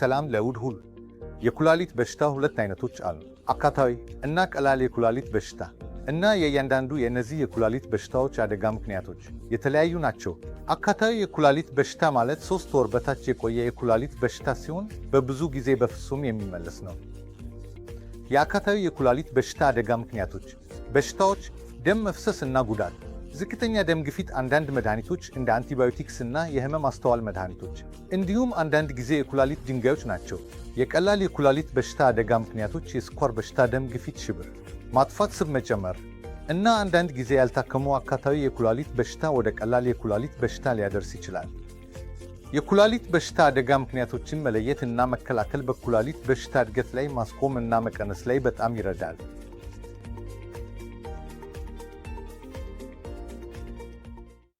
ሰላም ለውድ ሁሉ የኩላሊት በሽታ ሁለት አይነቶች አሉ፣ አካታዊ እና ቀላል የኩላሊት በሽታ እና የእያንዳንዱ የእነዚህ የኩላሊት በሽታዎች አደጋ ምክንያቶች የተለያዩ ናቸው። አካታዊ የኩላሊት በሽታ ማለት ሶስት ወር በታች የቆየ የኩላሊት በሽታ ሲሆን በብዙ ጊዜ በፍጹም የሚመለስ ነው። የአካታዊ የኩላሊት በሽታ አደጋ ምክንያቶች በሽታዎች፣ ደም መፍሰስ እና ጉዳት ዝቅተኛ ደም ግፊት አንዳንድ መድኃኒቶች እንደ አንቲባዮቲክስ እና የህመም አስተዋል መድኃኒቶች እንዲሁም አንዳንድ ጊዜ የኩላሊት ድንጋዮች ናቸው። የቀላል የኩላሊት በሽታ አደጋ ምክንያቶች የስኳር በሽታ፣ ደም ግፊት፣ ሽብር ማጥፋት፣ ስብ መጨመር እና አንዳንድ ጊዜ ያልታከሙ አካታዊ የኩላሊት በሽታ ወደ ቀላል የኩላሊት በሽታ ሊያደርስ ይችላል። የኩላሊት በሽታ አደጋ ምክንያቶችን መለየት እና መከላከል በኩላሊት በሽታ እድገት ላይ ማስቆም እና መቀነስ ላይ በጣም ይረዳል።